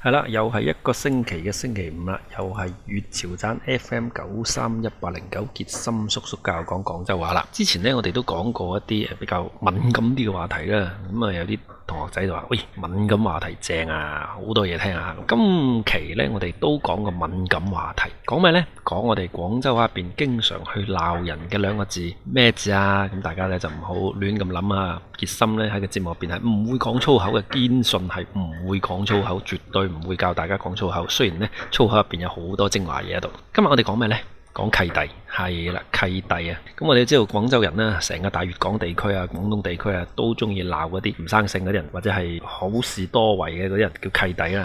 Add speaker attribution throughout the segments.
Speaker 1: 係啦，又係一個星期嘅星期五啦，又係粵潮盞 FM 九三一八零九杰森叔叔教講廣州話啦。之前咧，我哋都講過一啲比較敏感啲嘅話題啦，咁啊、嗯嗯、有啲。同學仔就話：，喂，敏感話題正啊，好多嘢聽啊。今期呢，我哋都講個敏感話題，講咩呢？講我哋廣州話入邊經常去鬧人嘅兩個字，咩字啊？咁大家呢就唔好亂咁諗啊。杰森呢喺個節目入邊係唔會講粗口嘅，堅信係唔會講粗口，絕對唔會教大家講粗口。雖然呢，粗口入邊有好多精華嘢喺度。今日我哋講咩呢？講契弟。係啦，契弟啊！咁我哋知道廣州人咧，成個大粵港地區啊，廣東地區啊，都中意鬧嗰啲唔生性嗰啲人，或者係好事多為嘅嗰啲人叫契弟啦，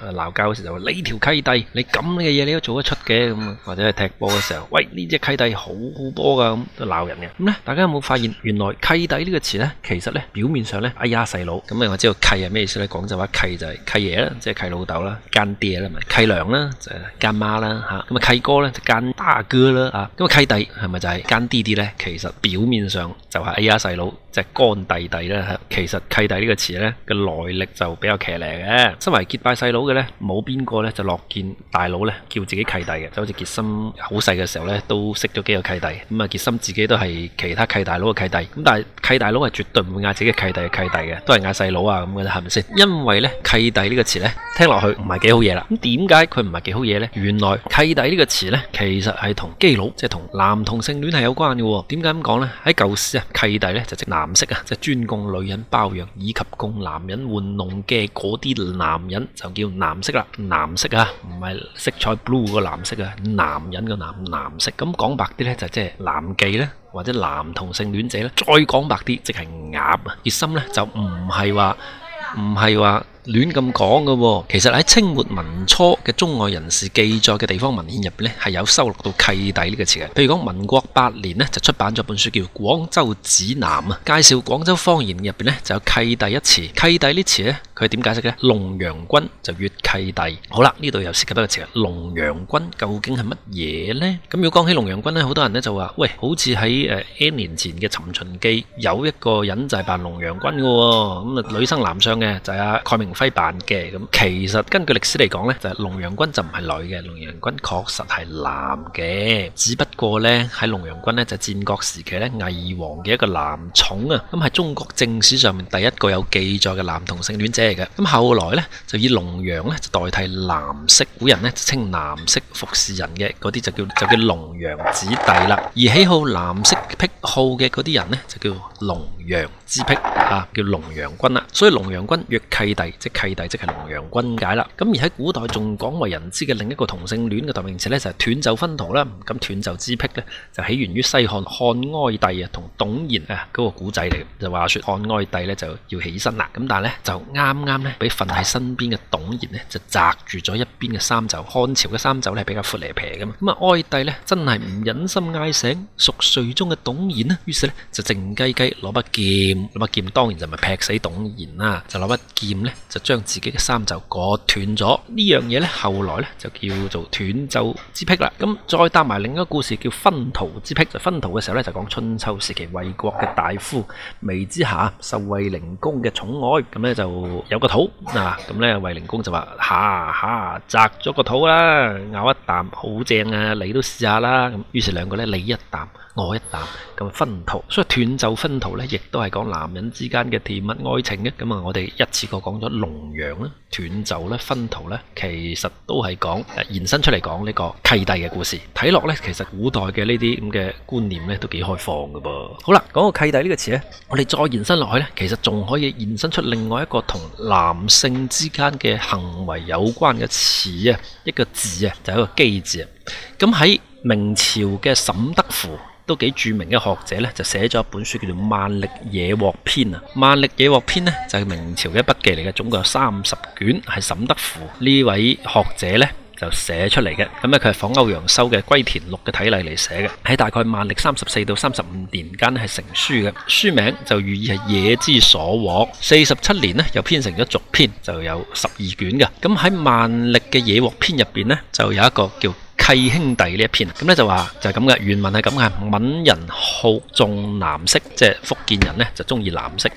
Speaker 1: 嚇鬧交嗰時就話：你條契弟，你咁嘅嘢你都做得出嘅，咁或者係踢波嘅時候，喂呢隻契弟好好波㗎，咁都鬧人嘅。咁咧，大家有冇發現，原來契弟呢個詞咧，其實咧表面上咧，哎呀細佬咁啊！我知道契係咩意思咧？廣州話契就係契爺啦，即係契老豆啦，乾爹啦，咪契娘啦，就係、是、乾媽啦嚇。咁啊契哥咧就乾、是、大哥啦。啊咁契弟係咪就係奸啲啲呢？其實表面上就係 AI 細佬即係乾弟弟呢。其實契弟呢個詞呢，個來歷就比較騎呢嘅。身為結拜細佬嘅呢，冇邊個呢就落見大佬呢叫自己契弟嘅，就好似傑森好細嘅時候呢，都識咗幾個契弟，咁啊傑森自己都係其他契大佬嘅契弟，咁但係契大佬係絕對唔會嗌自己契弟嘅契弟嘅，都係嗌細佬啊咁嘅啫，係咪先？因為呢契弟呢個詞呢，聽落去唔係幾好嘢啦。咁點解佢唔係幾好嘢呢？原來契弟呢個詞呢，其實係同基佬。即係同男同性戀係有關嘅喎，點解咁講呢？喺舊時啊，契弟呢，就即係男色啊，即係專供女人包養以及供男人玩弄嘅嗰啲男人就叫男色啦，男色啊，唔係色彩 blue 個藍色啊，男人個男男色。咁講白啲呢，就即係男妓呢，或者男同性戀者呢。再講白啲，即係鴨。核心呢，就唔係話，唔係話。亂咁講嘅喎，其實喺清末民初嘅中外人士記載嘅地方文獻入邊呢，係有收錄到契弟呢個詞嘅。譬如講民國八年呢，就出版咗本書叫《廣州指南》啊，介紹廣州方言入邊呢，就有契弟一詞。契弟呢個詞呢，佢係點解釋嘅呢？龍陽君就越契弟。好啦，呢度又涉及多個詞。龍陽君究竟係乜嘢呢？咁要講起龍陽君呢，好多人呢就話：喂，好似喺 N 年前嘅《尋秦記》有一個人就係扮龍陽君嘅喎。咁啊，女生男相嘅就係阿非扮嘅。咁，其實根據歷史嚟講呢就係龍陽君就唔係女嘅，龍陽君確實係男嘅，只不過呢喺龍陽君呢，就戰國時期呢，魏王嘅一個男寵啊，咁係中國正史上面第一個有記載嘅男同性戀者嚟嘅。咁後來呢，就以龍陽咧代替男色古人呢，就稱男色服侍人嘅嗰啲就叫就叫龍陽子弟啦，而喜好男色癖好嘅嗰啲人呢，就叫龍陽之癖啊，叫龍陽君啦，所以龍陽君約契弟。即契弟即係龍陽君解啦，咁而喺古代仲廣為人知嘅另一個同性戀嘅代名詞呢，就係、是、斷袖分桃啦。咁斷袖之癖呢，就起源於西漢漢哀帝啊同董賢啊嗰個古仔嚟，就話説漢哀帝呢就要起身啦，咁但呢，就啱啱咧俾瞓喺身邊嘅董賢呢，就擲住咗一邊嘅衫袖，漢朝嘅衫袖呢，比較闊嚟平嘅嘛，咁啊哀帝呢，真係唔忍心嗌醒熟睡中嘅董賢呢，於是呢，就靜雞雞攞把劍，咁把劍當然就咪劈死董賢啦，就攞把劍呢。就將自己嘅衫袖割斷咗，呢樣嘢咧，後來咧就叫做斷袖之癖啦。咁再搭埋另一個故事，叫分桃之癖。就分桃嘅時候咧，就講春秋時期衛國嘅大夫彌子瑕受衛靈公嘅寵愛，咁呢就有個桃嗱，咁咧衛靈公就話：嚇嚇摘咗個桃啦，咬一啖好正啊，你都試下啦。咁於是兩個呢，你一啖。我一啖咁分桃，所以斷袖分桃呢，亦都係講男人之間嘅甜蜜愛情嘅。咁啊，我哋一次過講咗龍陽啦、斷袖啦、分桃呢，其實都係講延伸出嚟講呢個契弟嘅故事。睇落呢，其實古代嘅呢啲咁嘅觀念咧，都幾開放嘅噃。好啦，講到契弟呢個詞呢，我哋再延伸落去呢，其實仲可以延伸出另外一個同男性之間嘅行為有關嘅詞啊，一個字啊，就係一個基字。咁喺明朝嘅沈德符，都幾著名嘅學者咧，就寫咗一本書叫做《萬曆野獲篇》啊，《萬曆野獲篇》呢，就係、是、明朝嘅筆記嚟嘅，總共有三十卷，係沈德符呢位學者呢就寫出嚟嘅。咁咧佢係仿歐陽修嘅《歸田錄》嘅體例嚟寫嘅，喺大概萬曆三十四到三十五年間係成書嘅。書名就寓意係野之所獲。四十七年呢，又編成咗續篇，就有十二卷嘅。咁喺萬曆嘅《野獲篇》入邊呢，就有一個叫。契兄弟呢一篇咁呢就話就係咁嘅，原文係咁嘅，閩人好重藍色，即係福建人呢就中意藍色。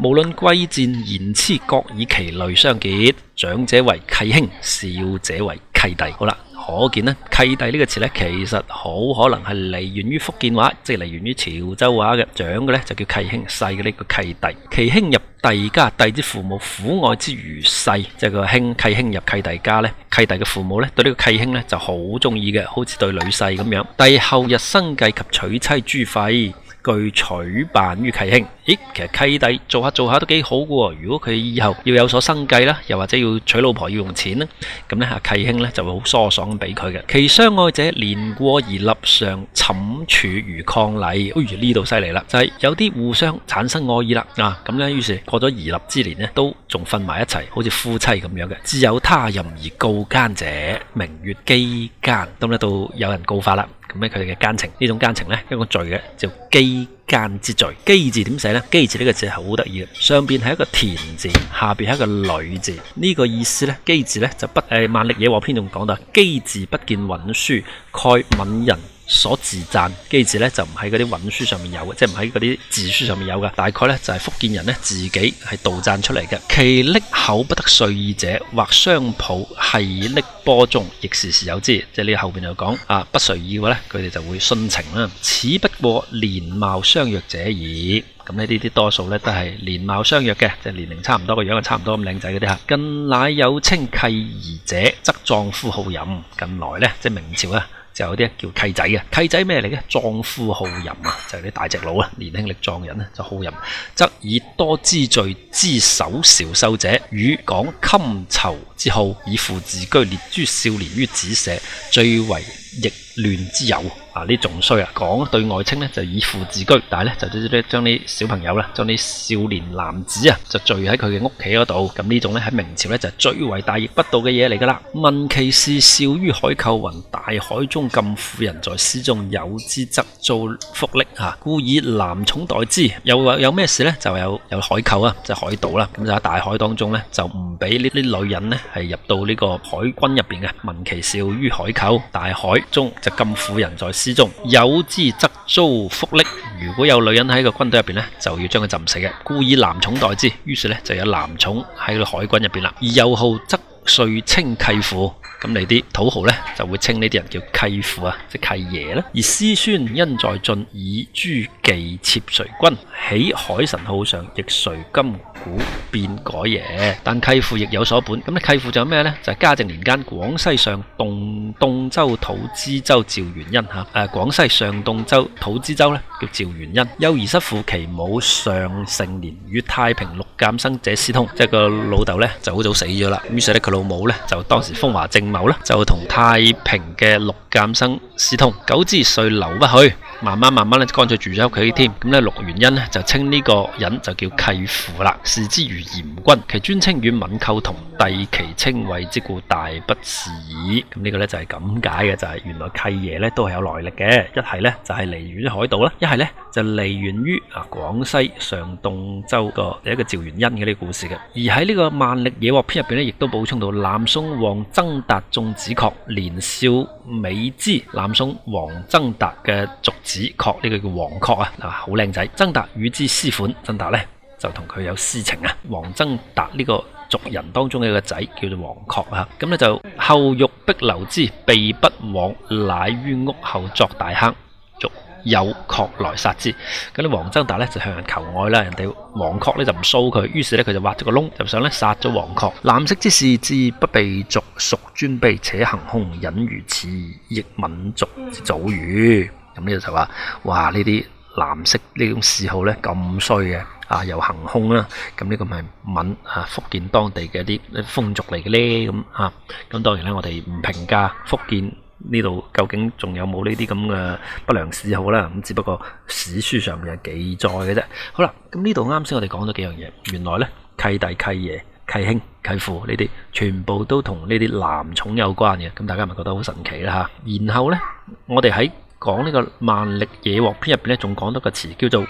Speaker 1: 無論歸賤言痴，各以其類相結，長者為契兄，少者為契弟。好啦。可見呢，契弟呢個詞呢，其實好可能係來源於福建話，即係來源於潮州話嘅。長嘅呢，就叫契兄，細嘅呢個契弟。契兄入弟家，弟之父母苦愛之如婿，即係個兄契兄入契弟家呢，契弟嘅父母呢，對呢個契兄呢就好中意嘅，好似對女婿咁樣。弟後日生計及娶妻諸費。具取辦於契兄，咦？其實契弟做下做下都幾好嘅喎。如果佢以後要有所生計啦，又或者要娶老婆要用錢咧，咁咧阿契兄呢就會好疏爽咁俾佢嘅。其相愛者，年過而立，尚，寢處如伉禮，好似呢度犀利啦。就係、是、有啲互相產生愛意啦，嗱咁咧，於是過咗而立之年呢，都仲瞓埋一齊，好似夫妻咁樣嘅。自有他人而告奸者，明月姬間都呢到有人告發啦。咁咧，佢哋嘅奸情呢種奸情呢，一個罪嘅叫㚻姦之罪。㚻字點寫呢？㚻字呢個字好得意啦，上邊係一個田字，下邊係一個女字。呢、這個意思呢，㚻字呢就不誒，呃《萬曆野獲》篇仲講到，㚻字不見韻書，蓋敏人。所自贊，於是咧就唔喺嗰啲韻書上面有嘅，即係唔喺嗰啲字書上面有嘅，大概咧就係、是、福建人咧自己係杜撰出嚟嘅。其溺口不得遂意者，或相抱繫溺波中，亦時時有之。即係呢後邊又講啊，不遂意嘅咧，佢哋就會殉情啦。此不過年貌相若者矣。咁呢啲啲多數咧都係年貌相若嘅，即係年齡差唔多，個樣又差唔多咁靚仔嗰啲嚇。今乃有稱契兒者，則壯夫好飲。近來咧，即係明朝啊。就有啲叫契仔嘅，契仔咩嚟嘅？壯夫好淫啊，就係、是、啲大隻佬啊，年輕力壯人咧就好淫。則以多之罪，之首少受者，與講襟仇。之好以父自居，列諸少年於子社，最為逆亂之有。啊，呢仲衰啊！講對外戚呢，就以父自居，但係呢，就將啲小朋友啦，將啲少年男子啊，就聚喺佢嘅屋企嗰度。咁呢種呢，喺明朝呢，就係最為大逆不道嘅嘢嚟㗎啦。問其事，少於海寇雲：大海中咁婦人在詩中有之則遭福力啊，故以男寵代之。又有有咩事呢？就有有海寇啊，就是、海盜啦。咁就喺大海當中呢，就唔俾呢啲女人咧。係入到呢個海軍入邊嘅，聞其笑於海口。大海中就金婦人在絲中，有之則遭覆溺。如果有女人喺個軍隊入邊呢，就要將佢浸死嘅，故以男寵代之。於是呢，就有男寵喺個海軍入邊啦。而右號則遂稱契父，咁你啲土豪呢，就會稱呢啲人叫契父啊，即契爺啦。而師孫恩在盡以諸妓妾隨軍，喺海神號上，亦隨金。古變改嘢，但契父亦有所本。咁咧契父仲有咩呢？就係、是、嘉靖年間，廣西上洞洞州土知州趙元恩嚇。誒、啊、廣西上洞州土知州呢，叫趙元恩。幼兒失父，其母尚盛年，與太平陸鑑生者私通，即係個老豆呢，就好早死咗啦。於是咧佢老母呢，就當時風華正茂啦，就同太平嘅陸鑑生私通。久之遂留不去，慢慢慢慢咧，乾脆住咗屋企添。咁呢，陸元恩呢，就稱呢個人就叫契父啦。視之如嚴君，其尊稱與敏寇同，帝其稱謂之故大不似矣。咁、這、呢個咧就係咁解嘅，就係、是、原來契爺呢都係有來歷嘅。一係呢，就係嚟源海盜啦，一係呢，係就嚟源於啊廣西上洞州個一個趙元欽嘅呢個故事嘅。而喺呢、這個萬曆野獲編入邊呢，面亦都補充到南宋王曾達仲子確年少美姿，南宋王曾達嘅族子確呢、這個叫王確啊，係好靚仔。曾達與之私款，曾達呢。就同佢有私情啊！王曾達呢個族人當中嘅一個仔叫做王確啊，咁呢就後欲逼留之，避不往，乃於屋後作大坑，卒有確來殺之。咁呢，王曾達呢就向人求愛啦，人哋王確呢就唔騷佢，於是呢，佢就挖咗個窿，就想呢殺咗王確。藍色之士之不被族孰尊卑且行凶？忍如此，亦民族之祖語。咁呢個就話：哇！呢啲藍色呢種嗜好呢，咁衰嘅。啊，又行凶啦！咁、這、呢個咪敏啊，福建當地嘅啲風俗嚟嘅咧，咁啊，咁當然咧，我哋唔評價福建呢度究竟仲有冇呢啲咁嘅不良嗜好啦。咁只不過史書上面係記載嘅啫。好啦，咁呢度啱先我哋講咗幾樣嘢，原來咧契弟、契爺、契兄、契父呢啲全部都同呢啲男寵有關嘅。咁大家咪覺得好神奇啦嚇。然後咧，我哋喺講呢、這個《萬曆野獲編》入邊咧，仲講到個詞叫做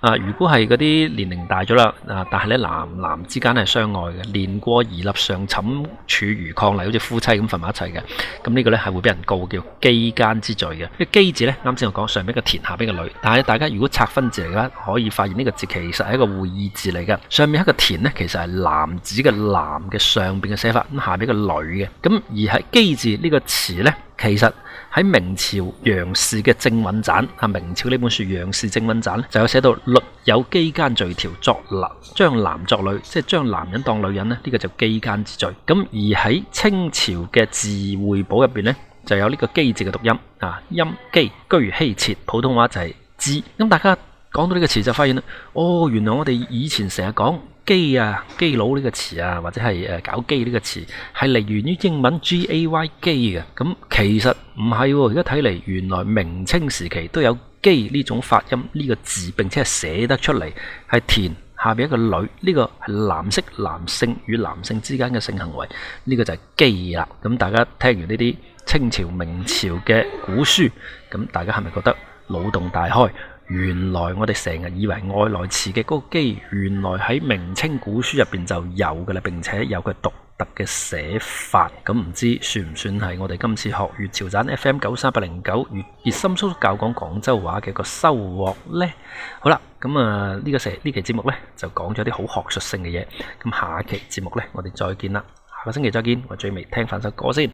Speaker 1: 啊、呃，如果係嗰啲年齡大咗啦啊，但係咧男男之間係相愛嘅，年過而立尚寢處如伉儷，好似夫妻咁瞓埋一齊嘅。咁、嗯這個、呢個咧係會俾人告叫雞姦之罪嘅。因為、這個、姦字咧，啱先我講上邊個田，下邊個女。但係大家如果拆分字嚟講，可以發現呢個字其實係一個會意字嚟嘅。上面一個田咧，其實係男子嘅男嘅上邊嘅寫法，咁下邊個女嘅。咁而喺姦字個詞呢個詞咧，其實喺明朝楊氏嘅《正韻箋》，啊明朝呢本書《楊氏正韻箋》咧，就有寫到律有㚻姦罪條，作男將男作女，即係將男人當女人咧，呢、這個就㚻姦之罪。咁而喺清朝嘅《字彙補》入邊咧，就有呢個㚻字嘅讀音啊，音雞，居希切，普通話就係、是、姦。咁大家。講到呢個詞就發現啦，哦，原來我哋以前成日講基啊基佬呢個詞啊，或者係誒搞基呢個詞，係嚟源於英文 gay 基嘅。咁其實唔係，而家睇嚟，原來明清時期都有基呢種發音呢個字，並且係寫得出嚟，係田下邊一個女，呢個係藍色男性與男性之間嘅性行為，呢個就係基啦。咁大家聽完呢啲清朝、明朝嘅古書，咁大家係咪覺得腦洞大開？原來我哋成日以為外來詞嘅嗰個基，原來喺明清古書入邊就有噶啦，並且有佢獨特嘅寫法。咁唔知算唔算係我哋今次學粵潮盞 FM 九三八零九粵熱心叔叔教講廣州話嘅一個收穫呢？好啦，咁啊呢個社呢期節目呢，就講咗啲好學術性嘅嘢。咁下期節目呢，我哋再見啦，下個星期再見。我最尾聽翻首歌先。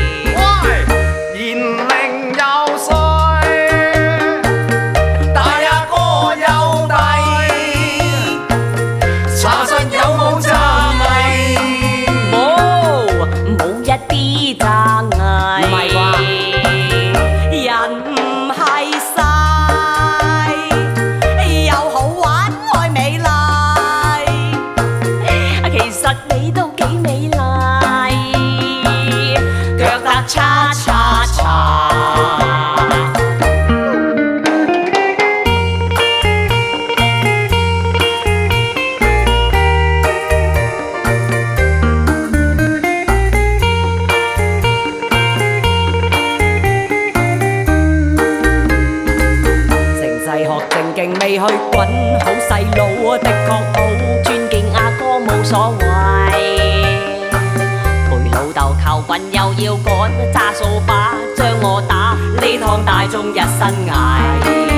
Speaker 1: 哎、陪老豆求棍又要趕，揸掃把，帆帆將我打，呢趟大眾一身蟻。